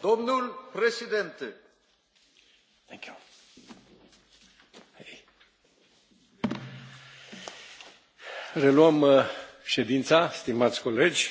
Domnul președinte. Thank you. Reluăm ședința, stimați colegi.